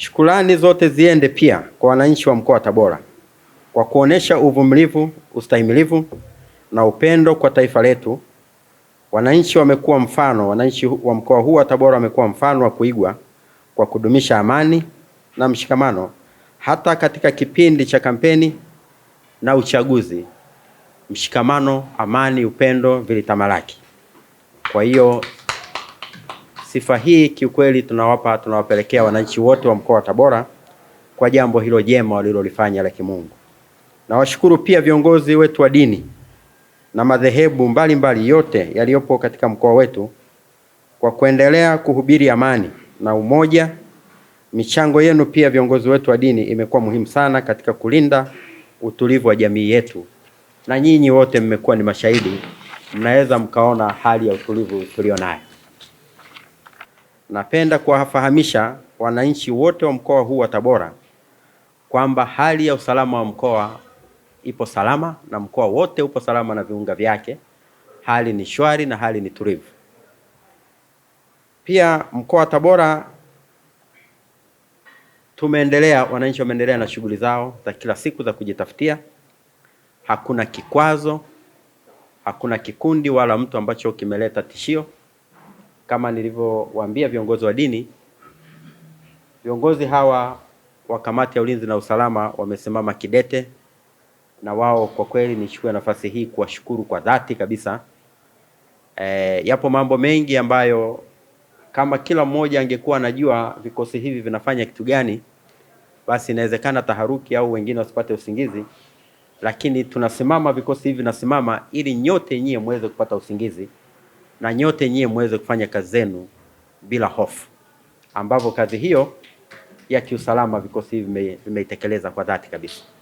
Shukrani zote ziende pia kwa wananchi wa mkoa wa Tabora kwa kuonesha uvumilivu, ustahimilivu na upendo kwa taifa letu. Wananchi wamekuwa mfano, wananchi wa mkoa huu wa Tabora wamekuwa mfano wa kuigwa kwa kudumisha amani na mshikamano hata katika kipindi cha kampeni na uchaguzi. Mshikamano, amani, upendo vilitamalaki. Kwa hiyo Sifa hii kiukweli tunawapa tunawapelekea wananchi wote wa mkoa wa Tabora kwa jambo hilo jema walilolifanya la kimungu. Nawashukuru pia viongozi wetu wa dini na madhehebu mbalimbali yote yaliyopo katika mkoa wetu kwa kuendelea kuhubiri amani na umoja. Michango yenu pia viongozi wetu wa dini imekuwa muhimu sana katika kulinda utulivu wa jamii yetu, na nyinyi wote mmekuwa ni mashahidi, mnaweza mkaona hali ya utulivu tulio nayo. Napenda kuwafahamisha wananchi wote wa mkoa huu wa Tabora kwamba hali ya usalama wa mkoa ipo salama na mkoa wote upo salama na viunga vyake. Hali ni shwari na hali ni tulivu. Pia mkoa wa Tabora tumeendelea, wananchi wameendelea na shughuli zao za kila siku za kujitafutia. Hakuna kikwazo, hakuna kikundi wala mtu ambacho kimeleta tishio. Kama nilivyowaambia viongozi wa dini, viongozi hawa wa kamati ya ulinzi na usalama wamesimama kidete, na wao kwa kweli nichukue nafasi hii kuwashukuru kwa dhati kabisa. E, yapo mambo mengi ambayo kama kila mmoja angekuwa anajua vikosi hivi vinafanya kitu gani, basi inawezekana taharuki au wengine wasipate usingizi, lakini tunasimama, vikosi hivi vinasimama ili nyote nyie muweze kupata usingizi na nyote nyie muweze kufanya kazi zenu bila hofu, ambapo kazi hiyo ya kiusalama vikosi hivi vimeitekeleza kwa dhati kabisa.